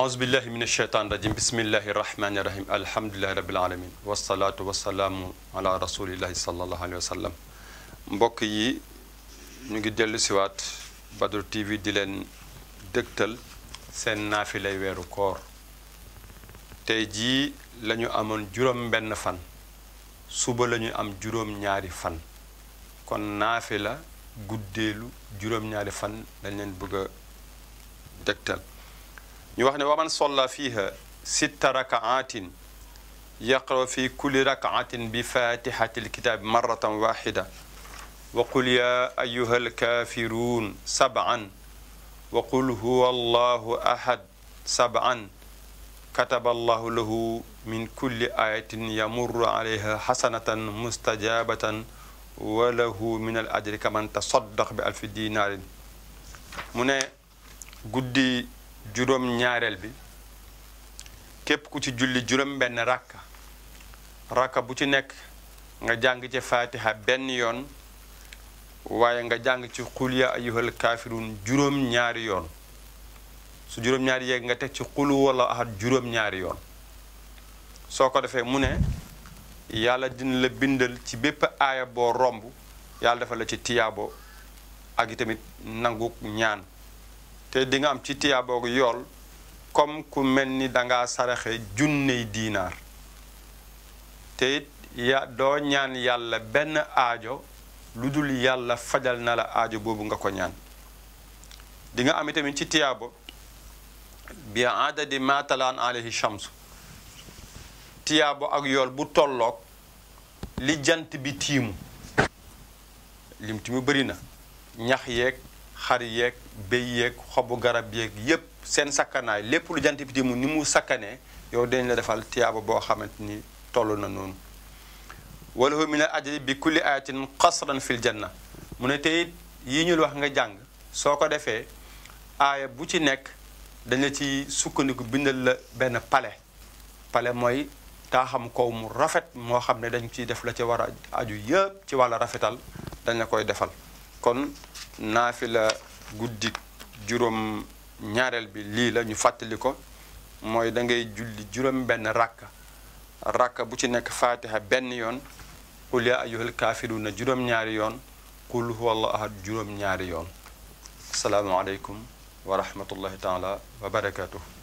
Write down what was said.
أعوذ بالله من الشيطان الرجيم بسم الله الرحمن الرحيم الحمد لله رب العالمين والصلاة والسلام على رسول الله صلى الله عليه وسلم مبكي نيجي ديلو سيوات بدر تي في ديلن دكتل سن نافلي ويرو كور تاي جي لا نيو امون جوروم بن فان سوبا لا نيو ام جوروم نياري فان كون نافلا غوديلو جوروم نياري فان لا نين بوغا دكتل يوحنا ومن صلى فيها ست ركعات يقرأ في كل ركعة بفاتحة الكتاب مرة واحدة وقل يا أيها الكافرون سبعا وقل هو الله أحد سبعا كتب الله له من كل آية يمر عليها حسنة مستجابة وله من الأجر كمن تصدق بألف دينار من قدي juróom ñaareel bi képp ku ci julli juróom benn rakka rakka bu ci nekk nga jàng ci faatiha benn yoon waaye nga jàng ci xul ya ayyuhal kaafiruun juróom ñaari yoon su juróom ñaari yeeg nga teg ci xul wala ahad juróom ñaari yoon soo ko defee mu ne yàlla dina la bindal ci bépp aaya boo romb yàlla defala ci tiyaabo ak itamit nangu ñaan te dinga am ci tiyaaboogu yool comme ku mel ni danga saraxe junney diinaar te ya doo ñaan yàlla benn aajo lu dul yàlla fajal na la aajo boobu nga ko ñaan di nga am itamit ci tiyaabo bi adadi matalaan alayhi shamsu tiyaabo ak yool bu tollook li jant bi tiimu lim ti mu bëri na ñax yeeg xar yeeg béy yeeg xobu garab yeeg yépp seen sakkanaay lépp lu jant bi di mu ni mu sakkane yow dañ la defal tiyaaba boo xamante ni toll na noonu walahu min al ajri bi kulli ayatin qasran fil na mu ne teyit yi ñu wax nga jàng soo ko defee aaya bu ci nekk dañ la ci sukkandiku bindal la benn pale pale mooy taaxam kow mu rafet moo xam ne dañ ciy def la ci war a aju yépp ci wàllu rafetal dañ la koy defal kon naafila guddi jurom ñaarel bi li la ñu fàttali ko mooy da ngay julli jurom ben rakka rakka bu ci nek fatiha ben yon qul ya ayyuhal kaafiruuna jurom ñaar yon qul huwallahu ahad jurom ñaar yon assalamu alaykum wa rahmatullahi taala wa barakatuh